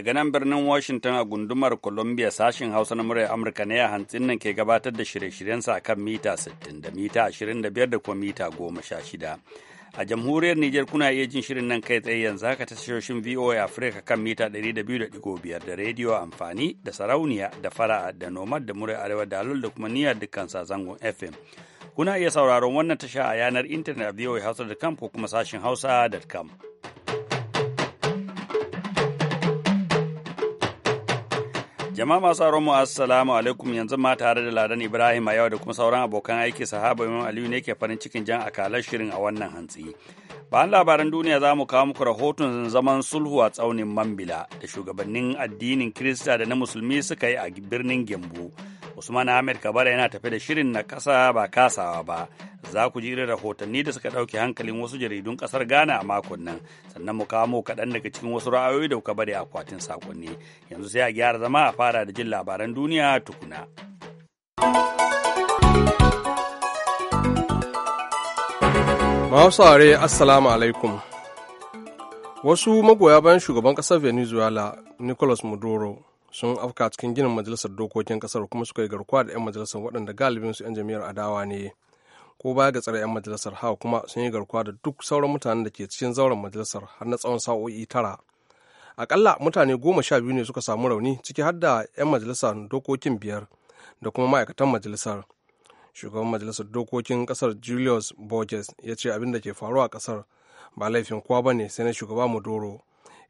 Daga nan birnin Washington a gundumar Columbia sashin Hausa na muryar Amurka ne a hantsin nan ke gabatar da shirye shiryen sa kan mita 60 da mita 25 da kuma mita 16. A jamhuriyar Nijar kuna iya jin shirin nan kai tsaye yanzu haka tashoshin VOA Africa kan mita 200.5 da rediyo amfani da sarauniya da fara'a da nomad da muryar arewa da da kuma niyyar dukkan sazangon FM. Kuna iya sauraron wannan tasha a yanar intanet a voa voahausa.com ko kuma sashin hausa hausa.com. Jama'a masu aron mu assalamu alaikum yanzu ma tare da Ladan Ibrahim a yau da kuma sauran abokan aiki sahaba Imam Aliyu ne ke farin cikin jan akalar shirin a wannan hantsi. Bayan labaran duniya za mu kawo muku rahoton zaman sulhu a tsaunin Mambila da shugabannin addinin Kirista da na Musulmi suka yi a birnin Gembu. Usman Ahmed Kabara yana tafe da shirin na kasa ba kasawa ba. za ku ji irin rahotanni da suka ɗauke hankalin wasu jaridun ƙasar Ghana a makon nan, sannan mu kamo kaɗan daga cikin wasu ra'ayoyi da kuka bari akwatin sakonni Yanzu sai a gyara zama a fara da jin labaran duniya tukuna. Mahausare, Assalamu alaikum. Wasu magoya bayan shugaban ƙasar Venezuela, Nicolas Maduro, sun afka cikin ginin majalisar dokokin ƙasar kuma suka yi garkuwa da 'yan majalisar waɗanda galibinsu 'yan jam'iyyar adawa ne. ko baya ga tsare 'yan majalisar hawa kuma sun yi garkuwa da duk sauran mutanen da ke cikin zauren majalisar har na tsawon sa'o'i tara akalla mutane goma sha biyu ne suka samu rauni ciki har da 'yan majalisar dokokin biyar da kuma ma'aikatan majalisar shugaban majalisar dokokin kasar julius borges ya ce abin da ke faruwa a kasar ba laifin kowa ba ne sai na shugaba maduro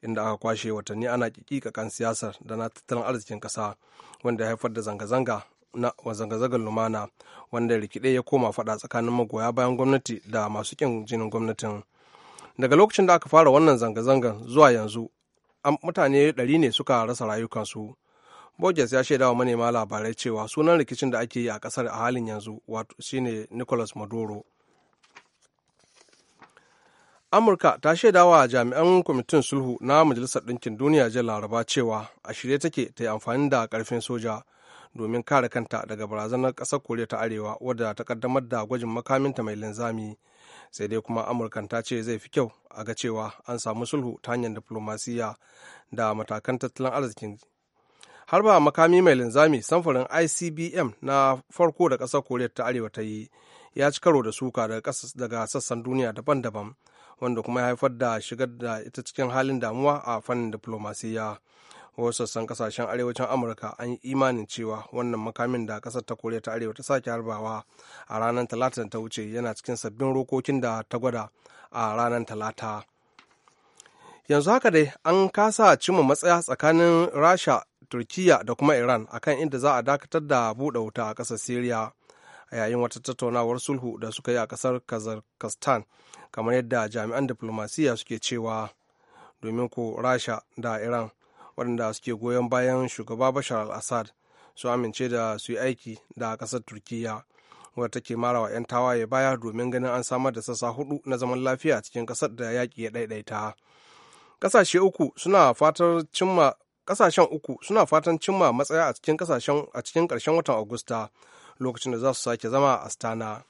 inda aka kwashe watanni ana kikikakan siyasar da na tattalin arzikin kasa wanda ya haifar da zanga-zanga na zanga-zangar lumana wanda rikide ya koma faɗa tsakanin magoya bayan gwamnati da masu kin jinin gwamnatin daga lokacin da aka fara wannan zanga-zangar zuwa yanzu mutane ɗari ne suka rasa rayukansu Borges ya shaidawa manema labarai cewa sunan rikicin da ake yi a kasar a halin yanzu wato shine Nicolas Maduro. Amurka ta shaidawa jami'an kwamitin sulhu na Majalisar Ɗinkin Duniya jiya Laraba cewa a shirye take ta yi amfani da ƙarfin soja domin kare kanta daga barazanar kasar koriya ta arewa wadda ta kaddamar da gwajin makaminta mai linzami sai dai kuma amurkan ta ce zai fi kyau a ga cewa an samu sulhu ta hanyar diflomasiyya da matakan tattalin arzikin har ba makami mai linzami samfurin icbm na farko da ƙasar koriya ta arewa ta yi ya ci karo da suka daga sassan duniya daban-daban wanda kuma ya haifar da shigar da ita cikin halin damuwa a fannin diflomasiyya wasu sassan kasashen arewacin amurka an yi imanin cewa wannan makamin da kasar ta koriya ta arewa ta sake harbawa a ranar talata da ta wuce yana cikin sabbin rokokin da ta gwada a ranar talata yanzu haka dai an kasa cimma matsaya tsakanin rasha turkiya da kuma iran akan inda za a dakatar da buɗe wuta a ƙasar syria a yayin wata tattaunawar sulhu da suka yi a ƙasar kazakhstan kamar yadda jami'an diplomasiya suke cewa domin ko rasha da iran waɗanda suke goyon bayan shugaba bashar al-assad su amince da su yi aiki da ƙasar turkiyya wadda take marawa 'yan tawaye baya domin ganin an samar da sassa hudu na zaman lafiya cikin ƙasar da yaƙi ya ɗaiɗaita ƙasashe uku suna fatar cimma ƙasashen uku suna fatan cimma matsaya a cikin ƙasashen a cikin ƙarshen watan agusta lokacin da za su sake zama a astana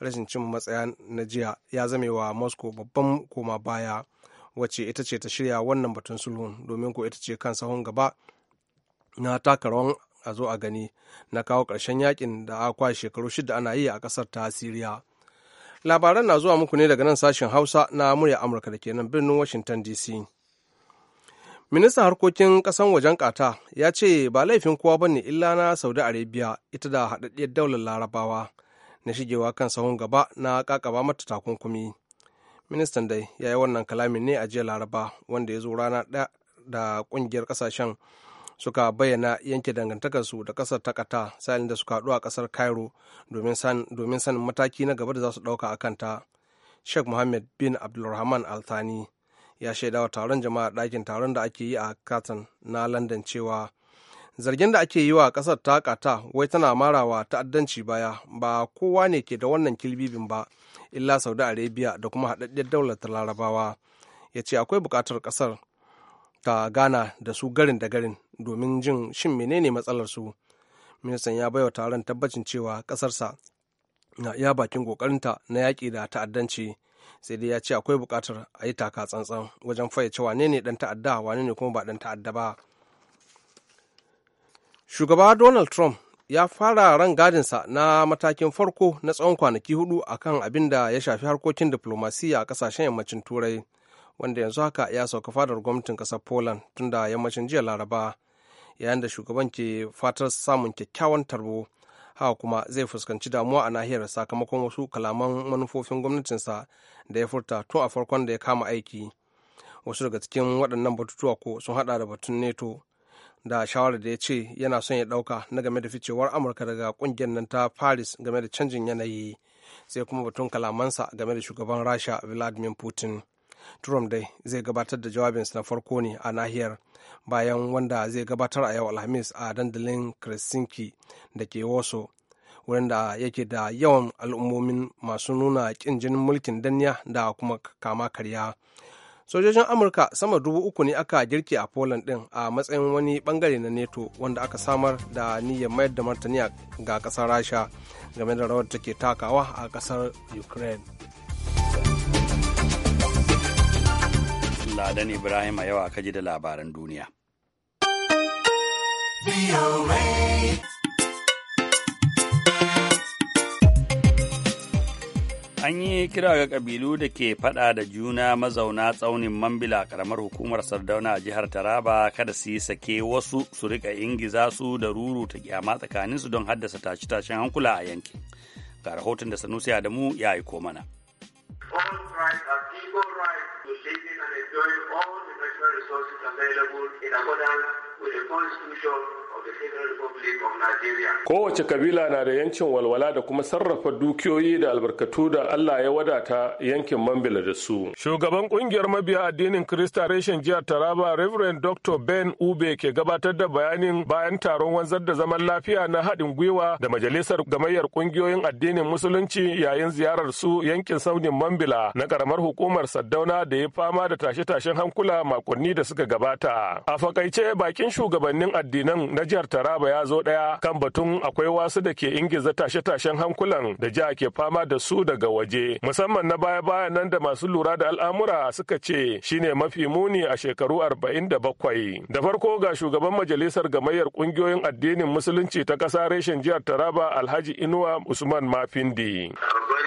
rashin cimma matsaya na jiya ya zamewa wa moscow babban koma baya wacce ita ce ta shirya wannan batun sulhun domin ko ita ce kan sahun gaba na taka rawar a zo a gani na kawo ƙarshen yakin da a kwa shekaru shida ana yi a kasar ta siriya labaran na zuwa muku ne daga nan sashen hausa na murya amurka da ke nan birnin washington dc ministan harkokin kasan wajen kata ya ce ba laifin kowa bane illa na saudi arabia ita da haɗaɗɗiyar daular larabawa na shigewa kan sahun gaba na kakaba mata takunkumi ministan dai ya yi wannan kalamin ne a jiya laraba wanda ya zo rana ɗaya da ƙungiyar ƙasashen suka bayyana yanke dangantakarsu da ƙasar ta ƙata sa'ilin da suka haɗu a ƙasar cairo domin sanin mataki na gaba da za su ɗauka a kanta sheikh mohammed bin abdulrahman althani ya shaidawa taron jama'a ɗakin taron da ake yi a katon na landan cewa zargin da ake yi wa kasar ta kata wai tana marawa ta'addanci baya ba kowa ne ke da wannan kilbibin ba illa saudi arabia da kuma haɗaɗɗiyar daular ta larabawa ya ce akwai buƙatar ƙasar ta gana da su garin da garin domin jin shin menene matsalar su ministan ya baiwa taron tabbacin cewa ƙasarsa na iya bakin ƙoƙarinta na yaƙi da ta'addanci sai dai ya ce akwai buƙatar a yi taka tsantsan wajen fayyace wane ne ɗan ta'adda wane ne kuma ba ɗan ta'adda ba shugaba donald trump ya fara ran gadinsa na matakin farko na tsawon kwanaki hudu a kan abin da ya shafi harkokin diplomasiya a kasashen yammacin turai wanda yanzu haka ya sauka fadar gwamnatin ƙasar poland tun da yammacin jiya laraba yayin da shugaban ke fatar samun kyakkyawan tarbo haka kuma zai fuskanci damuwa a nahiyar sakamakon wasu kalaman manufofin gwamnatinsa da ya furta tun a farkon da ya kama aiki wasu daga cikin waɗannan batutuwa ko sun haɗa da batun neto da shawarar da ya ce yana son ya dauka na game da ficewar amurka daga kungiyar nan ta paris game da canjin yanayi sai kuma batun kalamansa game da shugaban rasha vladimir putin trump dai zai gabatar da jawabinsa na farko ne a nahiyar bayan wanda zai gabatar a yau alhamis a dandalin helsinki da ke waso wurin da yake da yawan al'ummomin masu nuna kin jinin mulkin danniya da kuma kama karya sojojin amurka sama dubu uku ne aka girke a poland din a matsayin wani bangare na neto wanda aka samar da niyyar mayar da martani ga kasar rasha game da rawar take takawa a kasar ukraine ladan ibrahim a yawa kaji da labaran duniya An yi kira ga kabilu da ke faɗa da juna mazauna tsaunin Mambila karamar hukumar Sardauna a jihar Taraba kada su yi sake wasu su rika ingiza su da ruru ta kyama tsakaninsu don haddasa tashe-tashen hankula a yankin. Ga rahoton da Sanusi Adamu ya aiko mana. All Kowace kabila na da yancin walwala da kuma sarrafa dukiyoyi da albarkatu da Allah ya wadata yankin Mambila da su. Shugaban kungiyar mabiya addinin Krista reshen jihar Taraba Reverend Dr. Ben Ube ke gabatar da bayanin bayan taron wanzar da zaman lafiya na haɗin gwiwa da majalisar gamayyar kungiyoyin addinin musulunci yayin ziyarar su yankin saunin Mambila na ƙaramar hukumar Saddauna da ya fama da tashe-tashen hankula makonni da suka gabata. A fakaice bakin shugabannin addinan na jihar Taraba ya zo ɗaya kan batun akwai wasu da ke ingiza tashe-tashen hankulan da jiha ke fama da su daga waje musamman na baya-bayan nan da masu lura da al'amura suka ce shine mafi muni a shekaru arba'in da bakwai. Da farko ga shugaban majalisar gamayyar ƙungiyoyin addinin musulunci ta ƙasa reshen jihar Taraba Alhaji Inuwa Usman Mafindi. Kabar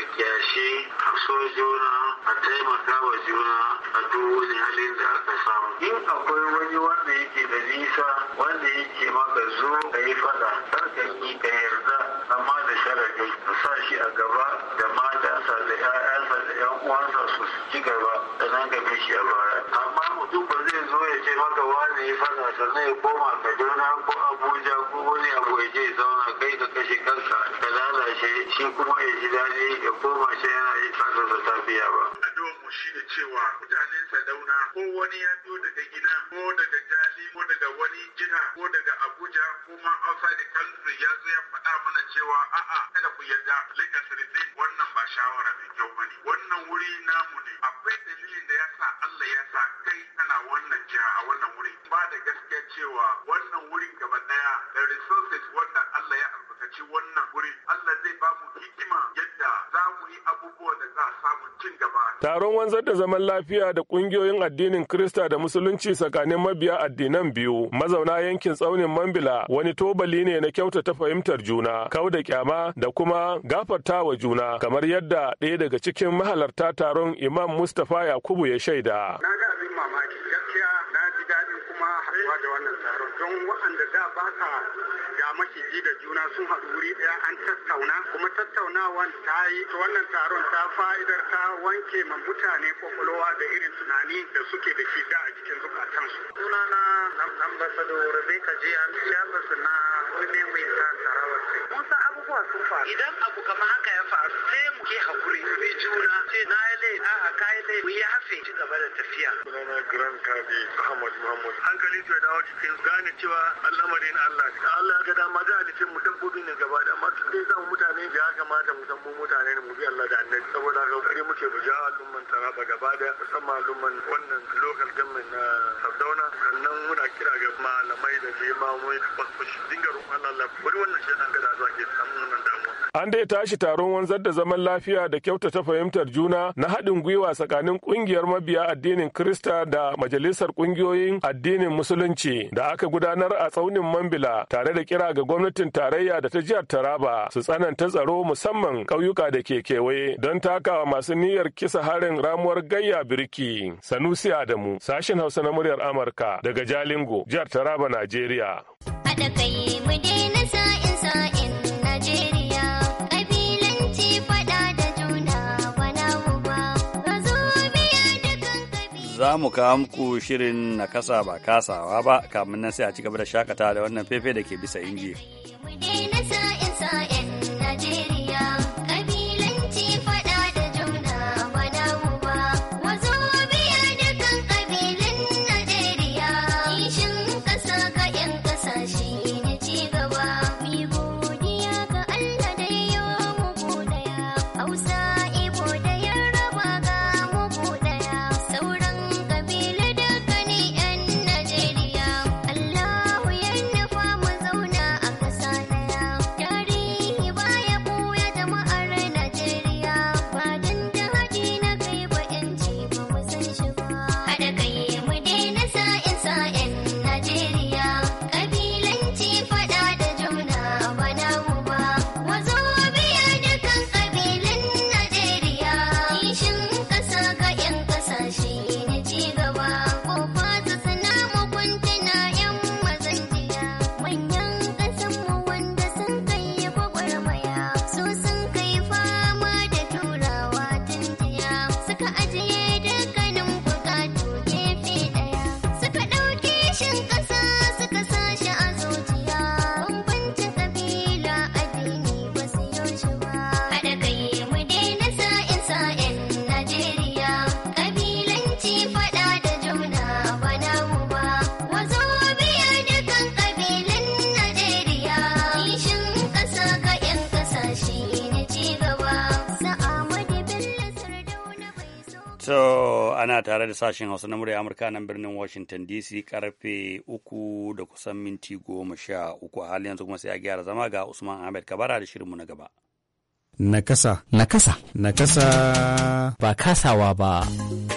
juna a duk halin da aka samu. In akwai wani wanda yake da nisa wanda yake maka zo ka yi fada kar ka yi ka yarda amma da sharadi ka sa shi a gaba da matansa da 'ya'yansa da 'yan uwansa su ci gaba sannan ka bi shi a baya amma mutum ba zai zo ya ce maka wani yi fada sannan ya koma kaduna ko abuja ko wani abu ya je zauna kai ka kashe kanka ka lalace shi kuma ya ji daɗi ya koma shi yana yi fada da tafiya ba. mu ne cewa mutanen Sadauna ko wani ya biyo daga gida ko daga Jali ko daga wani jiha ko daga Abuja ko ma outside the country ya zo ya faɗa mana cewa a'a kada ku yarda lika Refill wannan ba shawara mai kyau bane wannan wuri namu ne akwai dalilin da yasa Allah ya sa kai kana wannan jiha a wannan wuri ba da gaskiya cewa wannan wurin gaba daya da resources wanda Allah ya albarkaci wannan wuri Allah zai ba mu hikima yadda za mu yi abubuwa da za a samu cin gaba taron wanzar da zaman lafiya da kungiyoyin addinin Krista da Musulunci tsakanin mabiya addinan biyu. Mazauna yankin tsaunin Mambila wani tobali ne na kyautata fahimtar juna, kau da kyama da kuma gafartawa juna, kamar yadda ɗaya daga cikin mahalarta taron Imam Mustapha Yakubu ya shaida. bangarori da juna sun haɗu wuri ɗaya an tattauna kuma tattaunawan ta yi wannan taron ta fa'idar ta wanke ma mutane kwakwalwa da irin tunani da suke da shi da a cikin zukatansu. Sunana ambassador Rebecca J. Amishiyarsa na Women Win Sarawar. Mun san abubuwa sun faru. Idan abu kama haka ya faru sai mu ke hakuri. Bi juna ce na yi laifi a'a ka yi laifi mu yi hafi. lafiya. Sunana Grand Kadi Ahmad Muhammad. Hankali to ya dawo cikin gane cewa al'amari na Allah. Da Allah ga dama za a cikin mu dabbobi ne gaba da amma tun dai za mu mutane da ya kamata mu san mu mutane ne mu bi Allah da annabi saboda haka kare muke mu ja al'umman Taraba gaba da musamman al'umman wannan local government na Sardauna sannan muna kira ga malamai da limamomi wasu dinga roƙon Allah bari wannan shaidan gada zuwa An dai tashi taron wanzar da zaman lafiya da kyautata fahimtar juna na haɗin gwiwa tsakanin ƙungiyar mabiya addinin Krista da Majalisar Ƙungiyoyin Addinin Musulunci da aka gudanar a tsaunin Mambila tare da kira ga gwamnatin tarayya da ta jihar Taraba su tsananta tsaro musamman ƙauyuka da ke kewaye don takawa masu niyyar kisa harin ramuwar gayya birki. Sanusi Adamu, sashen Hausa na muryar Amurka daga Jalingo, jihar Taraba, Najeriya. Haɗa kai mu daina za mu kawo muku shirin na kasa ba kasawa ba kamun nan sai a ci gaba da shakata da wannan fefe da ke bisa inji. ana tare da sashen Hausa na murya Amurka nan birnin Washington DC karfe uku da kusan minti goma sha uku a halin yanzu kuma sai a gyara zama ga Usman Ahmed Kabara da shirinmu na gaba. Nakasa. Nakasa. Nakasa. Ba kasawa ba.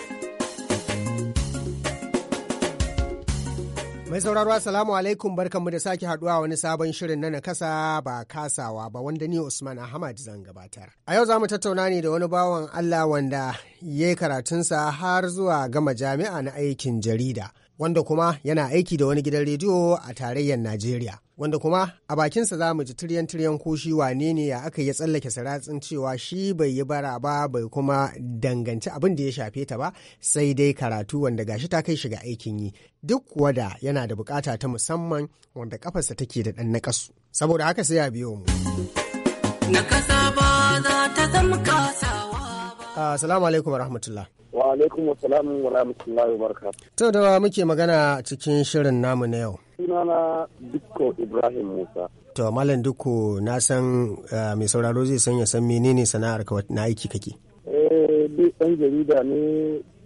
Mai sauraro Assalamu alaikum barkanmu da sake haduwa wani sabon shirin na nakasa ba kasawa ba wanda ni Usman Ahmad zan gabatar. A yau za mu tattauna ne da wani bawan Allah wanda ya yi karatunsa har zuwa gama jami'a na aikin jarida. wanda kuma yana aiki da wani gidan rediyo a tarayyar Najeriya. Wanda kuma a bakinsa za mu ji tiryan-tiryan ko shi wane ne ya aka yi tsallake saratsin cewa shi bai yi bara ba bai kuma danganci abin da ya shafe ta ba sai dai karatu wanda gashi ta kai shiga aikin yi. Duk wada yana da bukata ta musamman wanda kafarsa take da ɗan nakasu. Saboda haka sai ya biyo mu. Nakasa ba za Assalamu alaikum warahmatullah. alaikum wa salamu wa rahmatullahi wa barakatuh. To da muke magana cikin shirin namu na yau. Sunana Dukko Ibrahim Musa. To Malam Dukko na san eh, mai sauraro zai san ya san menene sana'ar ka na aiki kake. Eh, ɗan jarida ne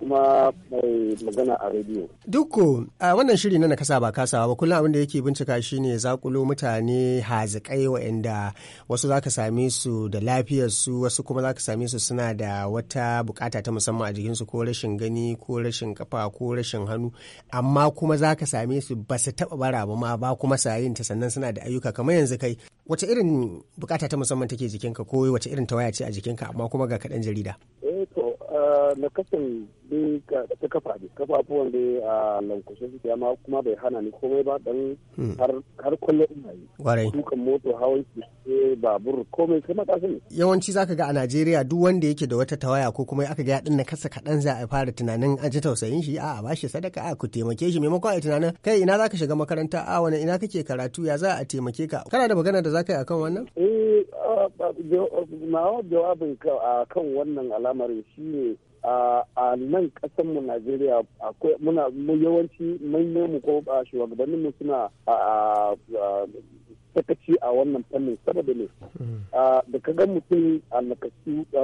kuma mai magana a rediyo. duk a wannan shiri na nakasa ba kasawa ba kullum abin da yake bincika shi shine zakulo mutane hazikai inda wasu za ka same su da lafiyar su wasu kuma ka same su suna da wata bukata ta musamman a jikin su ko rashin gani ko rashin kafa ko rashin hannu amma kuma za ka same su ba su taba bara ba ma ba kuma sayin ta sannan suna da ayyuka kamar yanzu kai wace irin bukata ta musamman take jikinka ko wace irin tawaya ce a jikinka amma kuma ga kaɗan jarida. Eh to eh, na kasan ta kafa ne kafafuwan da a lankushe suke ma kuma bai hana ni komai ba dan hmm. har kwallo ina yi warai dukan moto hawan keke babur komai kai matasa ne yawanci zaka ga a Najeriya duk wanda yake da wata tawaya ko kuma aka ga ya dinna kasa kaɗan za a fara tunanin an ji tausayin shi a ba shi sadaka a ku taimake shi maimakon a tunanin kai ina zaka shiga makaranta a wani ina kake karatu ya za a taimake ka kana da magana da zaka yi akan wannan eh na jawabin kan wannan al'amarin ne. a nan mu najeriya akwai muna yawanci manyan mu ko shugabannin mu suna sakaci a wannan fannin saboda ne mm. da ka ga mutum a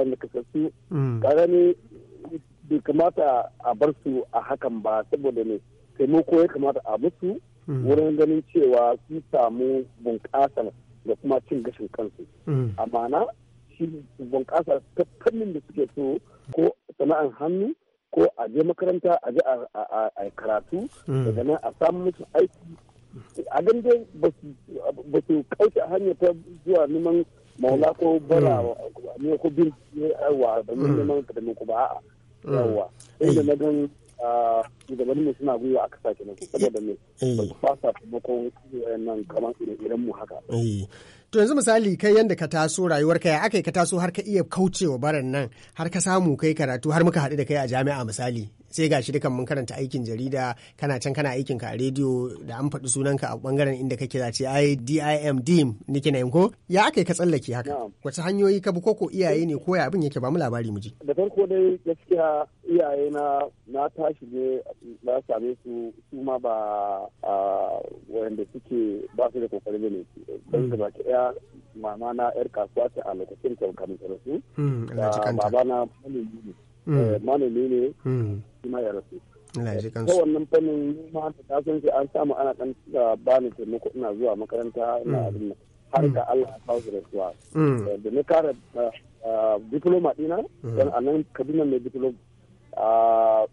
nakasassu ne mm. bai kamata a bar su a hakan ba saboda ne taimako ya kamata a musu mm. wurin ganin cewa sun samu bunƙasar da kuma cin gashin kansu na shi bunƙasa ta fannin da suke so ko sana'an hannu ko a je makaranta a je a karatu hmm. daga nan a samu musu aiki a dan dai ba su kauce hanyar ta zuwa neman maula ko hmm. bara ne ko bin hmm. yawa da neman ka da ku ba a yawa inda na gan mai suna gwiwa a kasa kenan saboda me ba su fasa taimakon nan kamar irin mu haka To yanzu misali kai yanda ka taso rayuwar ya aka ka taso har ka iya kaucewa baran nan har ka samu kai karatu har muka haɗu da kai a jami'a misali sai ga shi dukan mun karanta aikin jarida kana can kana aikin ka a rediyo da an faɗi sunanka a bangaren inda kake za ce ai DIM DIM niki na ko ya aka ka tsallake haka wace hanyoyi ka bi koko iyaye ne ko ya abin yake ba mu labari mu ji da farko dai gaskiya iyaye na na tashi ne na same su su ma ba wanda suke ba su da kokarin ne dan mm. da daya gaskiya mama na yar kasuwa ta a lokacin kamkanin ta rasu baba na manomi ne hmm. eh, manomi ne kuma hmm. ya rasu ta wannan fannin ma ta san shi an samu ana kan ba ni taimako ina zuwa makaranta na hmm. abin har da Allah kawo rasuwa eh, da na kara eh, diploma dina don anan kabinan mai diploma ah,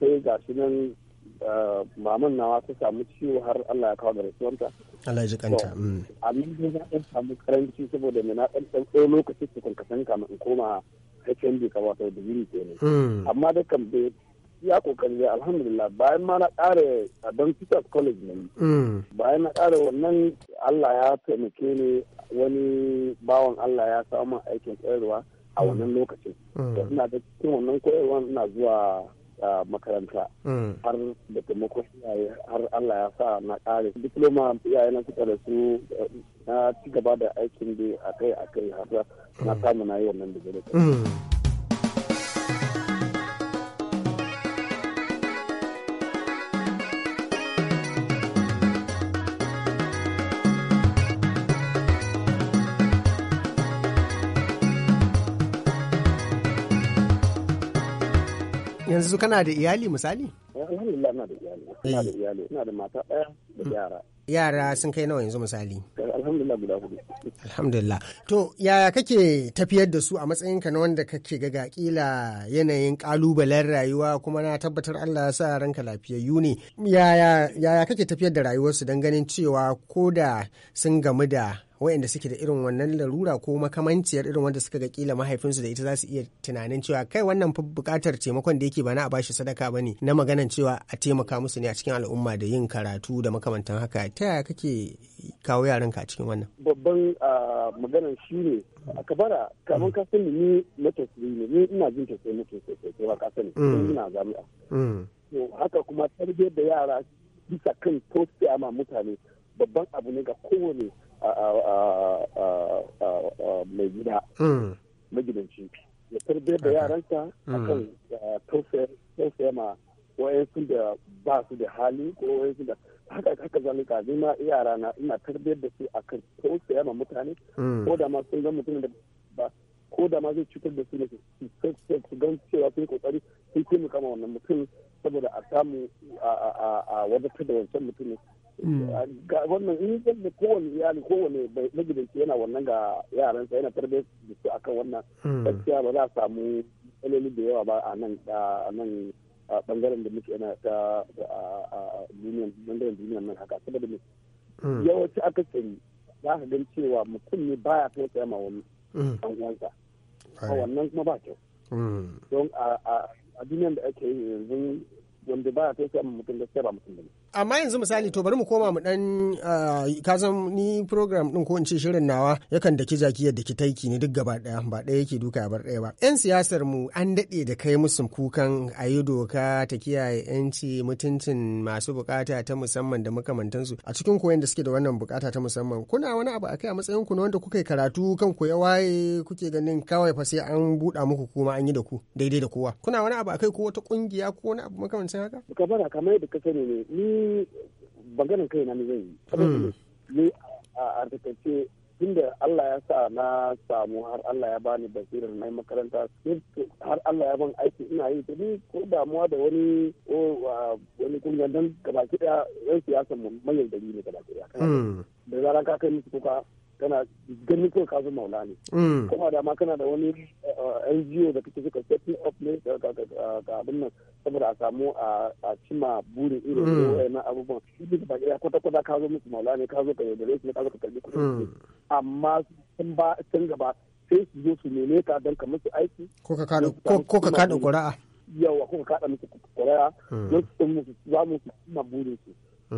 sai ga shi nan Eh, maman nawa ta samu ciwo har Allah ya kawo da rasuwanta. Allah ya ji kanta. Amin ne za a samu karanci saboda na ɗan ɗan ɗan lokaci su kan kasan kama in koma HND ka wato digiri ke ne. Mm. Amma da kan bai ya kokari da alhamdulillah bayan ma na ƙara a don Peter's College ne. Mm. Bayan na ƙara wannan Allah ya taimake ni wani bawan Allah ya samu aikin koyarwa a mm. wannan lokacin. Ina da cikin wannan koyarwa na zuwa a makaranta mm. har da taimakon iyaye har Allah ya sa na kare diploma iyaye na suka da su eh, na ci gaba da aikin da akai akai har na samu na yi wannan digiri mm. yanzu kana da iyali misali? yara. sun kai nawa yanzu misali? Alhamdulillah guda hudu. To yaya kake tafiyar da su a matsayinka na wanda kake ga ga yanayin ƙalubalen rayuwa kuma na tabbatar Allah ya sa ranka lafiyayyu ne. Yaya yaya kake tafiyar da rayuwarsu don ganin cewa ko da sun gamu da waɗanda suke da irin wannan larura ko makamanciyar irin wanda suka ga kila mahaifinsu da ita za su iya tunanin cewa kai wannan buƙatar taimakon da yake ba na a bashi sadaka ba ne na maganan cewa a taimaka musu ne a cikin al'umma da yin karatu da makamantan haka ta yaya kake kawo yaranka a cikin wannan babban ah, maganar shi ne a kabara kamar ka sani ni na tasiri ne ni ina jin tasiri mutum sosai ba ka sani mm. ina jami'a mm. haka kuma tarbiyyar da yara bisa kan tausaya ma mutane babban abu ne ga kowane mai gida hmm. magidanci ya tarbe da yaranka hmm. akan eh, tausaya ma wayansu da ba su da hali ko wayansu da haka haka zalika ni ma yara na ina tarbe da su akan tausaya ma mutane hmm. ko da ma sun ga mutum da ba ko da ma zai cutar da su ne su gan cewa sun kokari sun taimaka ma wannan mutum saboda a samu a wadatar da wancan mutum Mm. ga wannan in da kowane iyali kowane magidanci yana wannan ga yaransa yana tarbe su akan wannan mm. gaskiya ba za a samu matsaloli da yawa ba a nan a nan bangaren da muke yana ta duniyan bangaren duniyan nan haka saboda me mm. yawanci aka tsari za ka gan cewa mutum ne baya kai tsaye ma wani dan uwansa a wannan kuma ba kyau don a duniyar da ake yi yanzu wanda baya kai tsaye ma mutum gaskiya ba mutum ba ne amma yanzu misali to bari mu koma mu dan ah, kazan ni program din ko in ce shirin nawa yakan daki jaki yadda ki taiki ne duk gaba daya ba daya yake duka bar daya ba yan siyasar mu an dade da kai musu kukan a doka ta kiyaye yanci mutuncin masu bukata ta musamman da makamantansu a cikin koyon da suke da wannan bukata ta musamman kuna wani abu akai a matsayin ku na wanda kuka karatu kan ya waye kuke ganin kawai fa sai an buɗa muku kuma an yi da ku daidai da kowa kuna wani abu akai ko wata kungiya ko wani abu makamancin haka kamar kamar da ka sani ne ni ni kai na zai yi hmm. ne a tun tunda Allah ya sa na samu har Allah ya bani basirar na makaranta har Allah ya ban aiki ina yi ta ni ko damuwa da wani wani kungiyar don gabaki daya yan siyasa mu manyan gari ne gabaki daya hmm. da zaran ka kai musu kuka kana gani kai ka zo maula ne hmm. kuma da ma kana da wani eh, eh, NGO da kake suka setting up ne ka abin nan saboda a samu a cima burin irin mm. na abubuwan shi ne ba ya kwata kwata ka zo musu maula ne ka zo ka yaudare su ne ka zo ka karbi kuɗin mm. amma sun ba sun gaba sai su zo su nene ka don ka musu aiki ko ka kada kura'a yawa ko ka kada musu kura'a mm. don su musu za mu cima burin su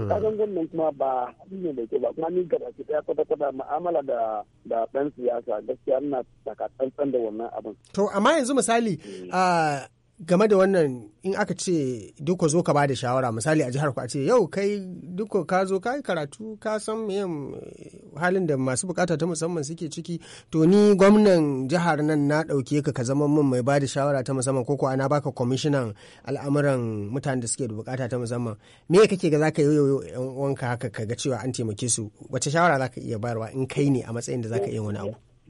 kasan gwamnan kuma ba ne da ke ba kuma ni gaba ki daya kwata kwata ma'amala da da dan siyasa gaskiya ina taka da wannan abin to amma yanzu misali ah, game da wannan in aka ce duka zo ka bada shawara misali a jihar ku a ce yau kai duka ka zo ka karatu ka san me halin da masu bukata ta musamman suke ciki to ni gwamnan jihar nan na dauke ka ka zama min mai bada shawara ta musamman ko ana baka kwamishinan al'amuran mutanen da suke da bukata ta musamman me kake ga zaka yi wanka haka ka ga cewa an taimake su wace shawara zaka iya bayarwa in kai ne a matsayin da zaka iya wani abu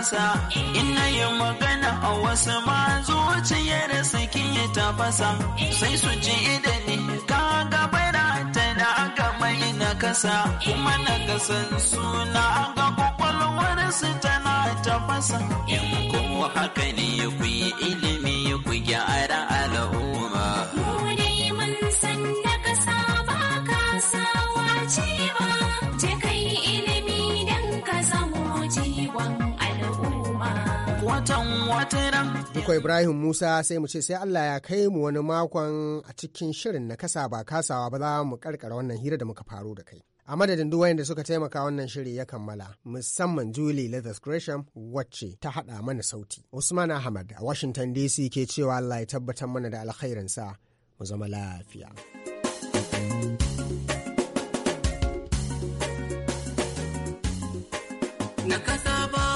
in ina yin magana a wasu ma zuciyar suke tafasa sai su ji idani ka gaba ta na gama na kasa kuma na kasan suna ga kwakwalwar su tana tafasa yan kuma haka ne ku yi ilimi ku gyara al'umma mu dai mun san na kasa ba kasawa ce ba Duka Ibrahim Musa sai mu ce sai Allah ya kai mu wani makon a cikin shirin na kasa ba kasawa ba za mu karkara wannan hira da muka faro da kai. A madadin duk wayanda suka taimaka wannan shiri ya kammala musamman Julie Leathers Gresham wacce ta haɗa mana sauti. Usman Ahmad a Washington DC ke cewa Allah ya tabbatar mana da alkhairinsa mu zama lafiya. Na kasa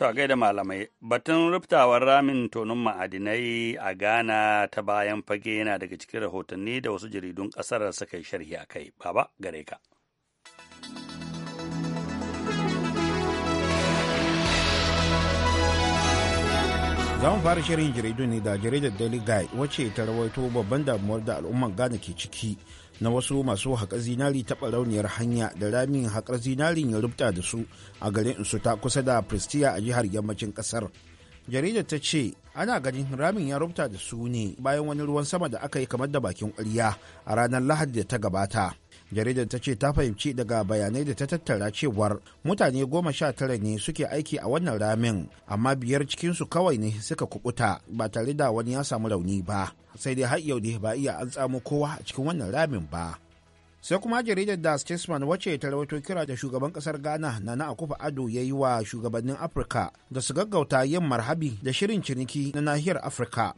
To a gaida malamai, batun ruftawar ramin tonin ma'adinai a Ghana ta bayan fage yana daga cikin rahotanni da wasu jaridun ƙasar suka yi sharhi a kai. Baba, gare ka. za mu fara shirin jaridu ne da jaridar daily guide wacce ta rawaito babban damuwar da al'ummar ghana ke ciki na wasu masu haƙar zinari taɓa rauniyar hanya da ramin haƙar zinarin ya rubta da su a garin ta kusa da pristia a jihar yammacin ƙasar jaridar ta ce ana ganin ramin ya rubta da su ne bayan wani ruwan sama da aka yi kamar da bakin ƙwarya a ranar lahadi da ta gabata jaridar ta ce ta fahimci daga bayanai da ta tattara cewar mutane goma sha tara ne suke aiki a wannan ramin amma biyar cikinsu kawai ne suka kubuta ba tare da wani ya samu rauni ba sai dai har yau ne ba iya an tsamo kowa a cikin wannan ramin ba sai kuma jaridar da statesman wacce ta rawaito kira da shugaban kasar ghana na nana akufa ado ya yi wa shugabannin afirka da su gaggauta yin marhabi da shirin ciniki na nahiyar afirka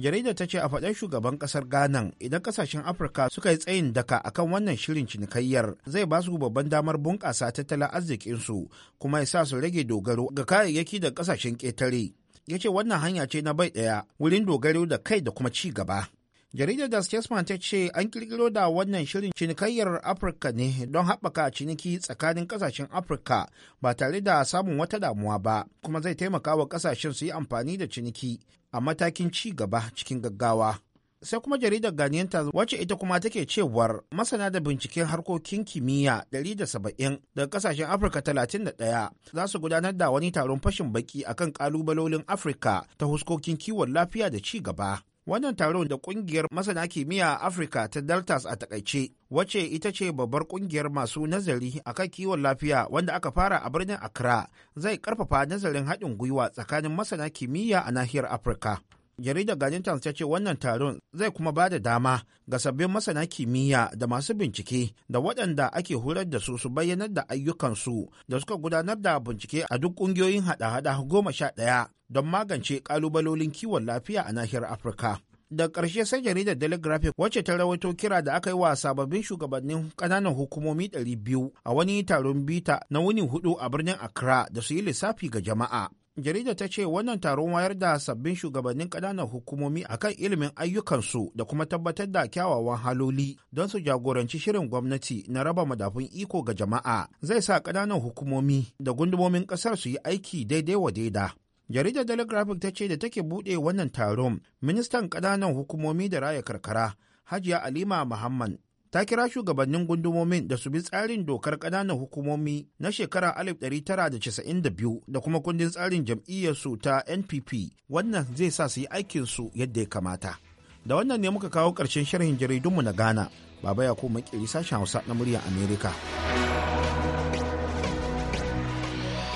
jaridar ta ce a faɗin shugaban ƙasar ghana idan ƙasashen afirka suka yi tsayin daka akan wannan shirin cinikayyar zai ba su babban damar bunƙasa tattalin arzikinsu kuma ya sa su rage dogaro ga kayayyaki da ƙasashen ƙetare ya ce wannan hanya ce na bai ɗaya wurin dogaro da kai da kuma ci gaba jaridar da statesman ta ce an kirkiro da wannan shirin cinikayyar afirka ne don haɓaka ciniki tsakanin ƙasashen afirka ba tare da samun wata damuwa ba kuma zai taimaka wa ƙasashen su yi amfani da ciniki a matakin ci gaba cikin gaggawa sai kuma jaridar ganiyanta wacce ita kuma take cewar masana da binciken harkokin kimiyya 170 daga kasashen afirka 31 za su gudanar da wani taron fashin baki akan kalubalolin afirka ta huskokin kiwon lafiya da ci gaba Wannan taron da kungiyar masana kimiyya a Afirka ta Deltas a takaice, wacce ita ce babbar kungiyar masu nazari a akan kiwon lafiya wanda aka fara a birnin Accra, zai karfafa nazarin haɗin gwiwa tsakanin masana kimiyya a nahiyar Afirka. jaridar Guardian Times ta ce wannan taron zai kuma ba da dama ga sabbin masana kimiyya da masu bincike da waɗanda ake horar da su su bayyanar da ayyukansu da suka gudanar da bincike a duk ƙungiyoyin haɗa-haɗa goma sha ɗaya don magance ƙalubalolin kiwon lafiya a nahiyar Afirka. da ƙarshe sai jaridar daily graphic wacce ta rawaito kira da aka yi wa sababbin shugabannin ƙananan hukumomi 200 a wani taron bita na wuni hudu a birnin accra da su yi lissafi ga jama'a jarida ta ce wannan taron wayar da sabbin shugabannin ƙananan hukumomi akan ilimin ayyukansu da kuma tabbatar da kyawawan haloli don su jagoranci shirin gwamnati na raba madafun iko ga jama'a zai sa ƙananan hukumomi da gundumomin ƙasar su yi aiki daidai wa daida jaridar telegraphic ta ce da take buɗe wannan taron ministan ƙananan hukumomi da raya karkara hajiya alima muhammad ta kira shugabannin gundumomin da su bi tsarin dokar ƙananan hukumomi na shekara 1992 da kuma kundin tsarin jam'iyyarsu ta npp wannan zai sa su yi aikinsu yadda ya kamata da wannan ne muka kawo ƙarshen sharhin jaridunmu na ghana baba ya ko makiri sashen hausa na muryar america.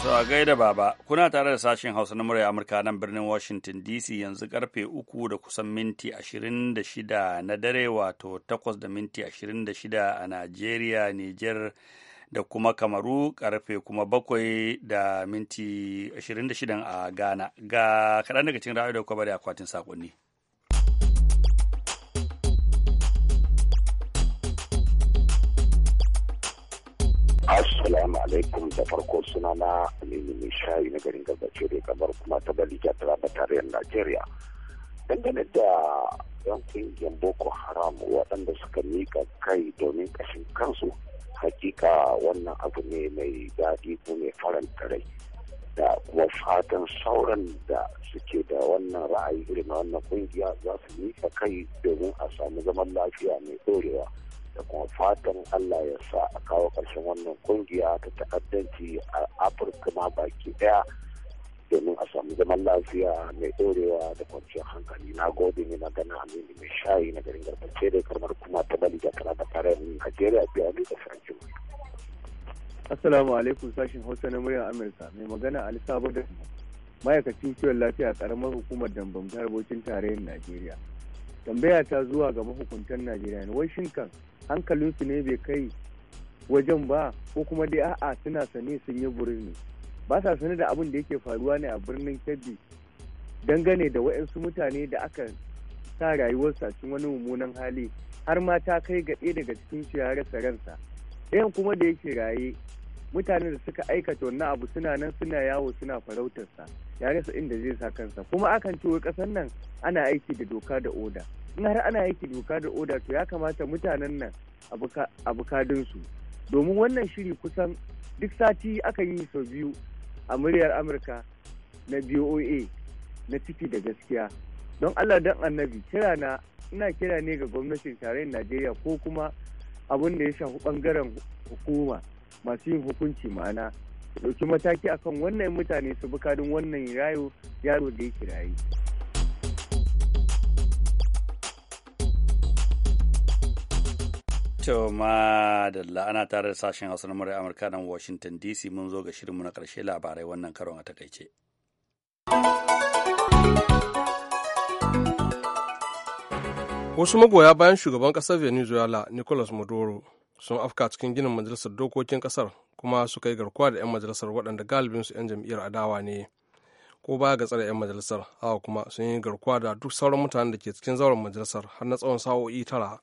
To a gaida baba, kuna tare da sashen Hausa na murya Amurka nan birnin Washington DC yanzu karfe uku da kusan minti 26 na dare wato 8 da minti 26 a Najeriya, niger da kuma Kamaru karfe kuma bakwai da minti 26 a Ghana. Ga kaɗan daga cikin ra'ayoyi da kuma bari akwatin sakonni. Assalamu alaikum da farko suna na Aminu mai shayi na garin gabace da kamar kuma ta Balija Taraba tarayyar Najeriya. Dangane da yan kungiyar Boko Haram waɗanda suka miƙa kai domin ƙashin kansu hakika wannan abu ne mai daɗi ko mai faranta rai da kuma fatan sauran da suke da wannan ra'ayi irin wannan kungiya za su miƙa kai domin a samu zaman lafiya mai ɗorewa. da kuma fatan Allah ya sa a kawo ƙarshen wannan kungiya ta ta'addanci a Afirka ma baki daya domin a samu zaman lafiya mai ɗorewa da kwanciyar hankali na gode ne magana aminu mai shayi na garin garbace da karmar kuma ta bali da kana da tarayyar Najeriya biya ne da sarki. Assalamu alaikum sashin Hausa na muryar Amurka mai magana Ali Sabo da ma'aikacin kiwon lafiya karamar hukumar Dambam ta Bauchin tarayyar Najeriya. tambaya ta zuwa ga mahukuntan najeriya ne wai shin kan su ne bai kai wajen ba ko kuma dai a'a suna sane sun yi burin ne ba sa sane da abin da yake faruwa ne a birnin kebbi dangane da waɗansu mutane da aka sa rayuwarsa cikin wani mummunan hali har ma ta kai ga ɗaya daga cikin shi ya ransa ɗayan kuma da yake raye mutanen da suka aikata wannan abu suna nan suna yawo suna farautarsa ya rasa inda zai sa kansa kuma akan ce wai nan ana aiki da doka da oda in har ana aiki doka da oda to ya kamata mutanen nan a su domin wannan shiri kusan duk sati akan yi sau biyu a muryar amurka na boa na ciki da gaskiya don allah don annabi kira na ina kira ne ga gwamnatin tarayyar najeriya ko kuma abin da ya shafi bangaren hukuma masu yin hukunci ma'ana su mataki akan wannan mutane su bi kadin wannan yaro yaro da yake rayu. To ma da ana tare da sashen hausa na murai Amurka nan Washington DC mun zo ga shirin mu na ƙarshe labarai wannan karon a takaice. Wasu magoya bayan shugaban ƙasar Venezuela Nicolas Maduro sun afka cikin ginin majalisar dokokin ƙasar kuma suka yi garkuwa da 'yan majalisar waɗanda galibinsu 'yan jam'iyyar adawa ne ko baya ga tsare 'yan majalisar hawa kuma sun yi garkuwa da duk sauran mutanen da ke cikin zauren majalisar har na tsawon sa'o'i tara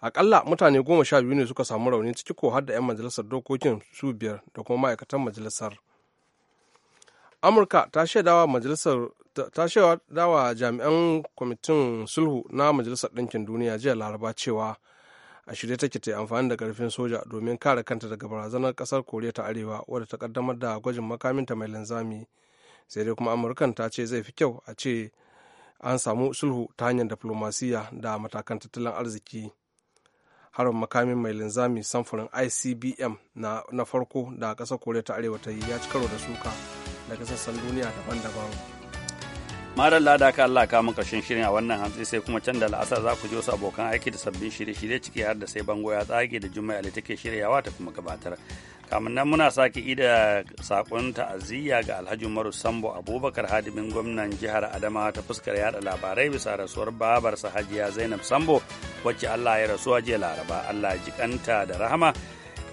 akalla mutane goma sha biyu ne suka samu rauni ciki ko har da 'yan majalisar dokokin su biyar da kuma ma'aikatan majalisar amurka ta shaidawa majalisar ta shaidawa jami'an kwamitin sulhu na majalisar ɗinkin duniya jiya laraba cewa a shirye take ta amfani da karfin soja domin kare kanta daga barazanar kasar koriya ta arewa wadda ta kaddamar da gwajin makaminta mai linzami sai dai kuma amurkan ta ce zai fi kyau a ce an samu sulhu ta hanyar diflomasiyya da matakan tattalin arziki harin makamin mai linzami samfurin icbm na, na farko da kasar koriya ta arewa ta yi ya ci karo da suka daga sassan duniya daban-daban Marar lada ka Allah ka mun shirin a wannan hantsi sai kuma can da la'asar za ku je wasu abokan aiki da sabbin shirye-shirye ciki har da sai bango ya tsage da Juma'a da take shiryawa ta kuma gabatar. Kamun nan muna sake ida sakon ta'aziyya ga Alhaji Umaru Sambo Abubakar hadimin gwamnan jihar Adamawa ta fuskar yada labarai bisa rasuwar babarsa Hajiya Zainab Sambo wacce Allah ya rasu a jiya Laraba. Allah ya ji kanta da rahama.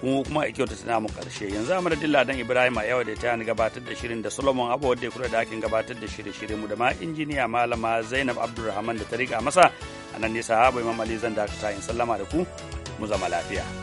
kuma kuma a kyauta tana mu karshe yanzu amma dilla ladan Ibrahim a yau da ta ni gabatar da shirin da Solomon Abu wanda ya kula da aikin gabatar da shirye-shirye mu da ma injiniya malama Zainab Abdulrahman da ta riga masa a anan ne sahaba Imam Ali zan dakata in sallama da ku mu zama lafiya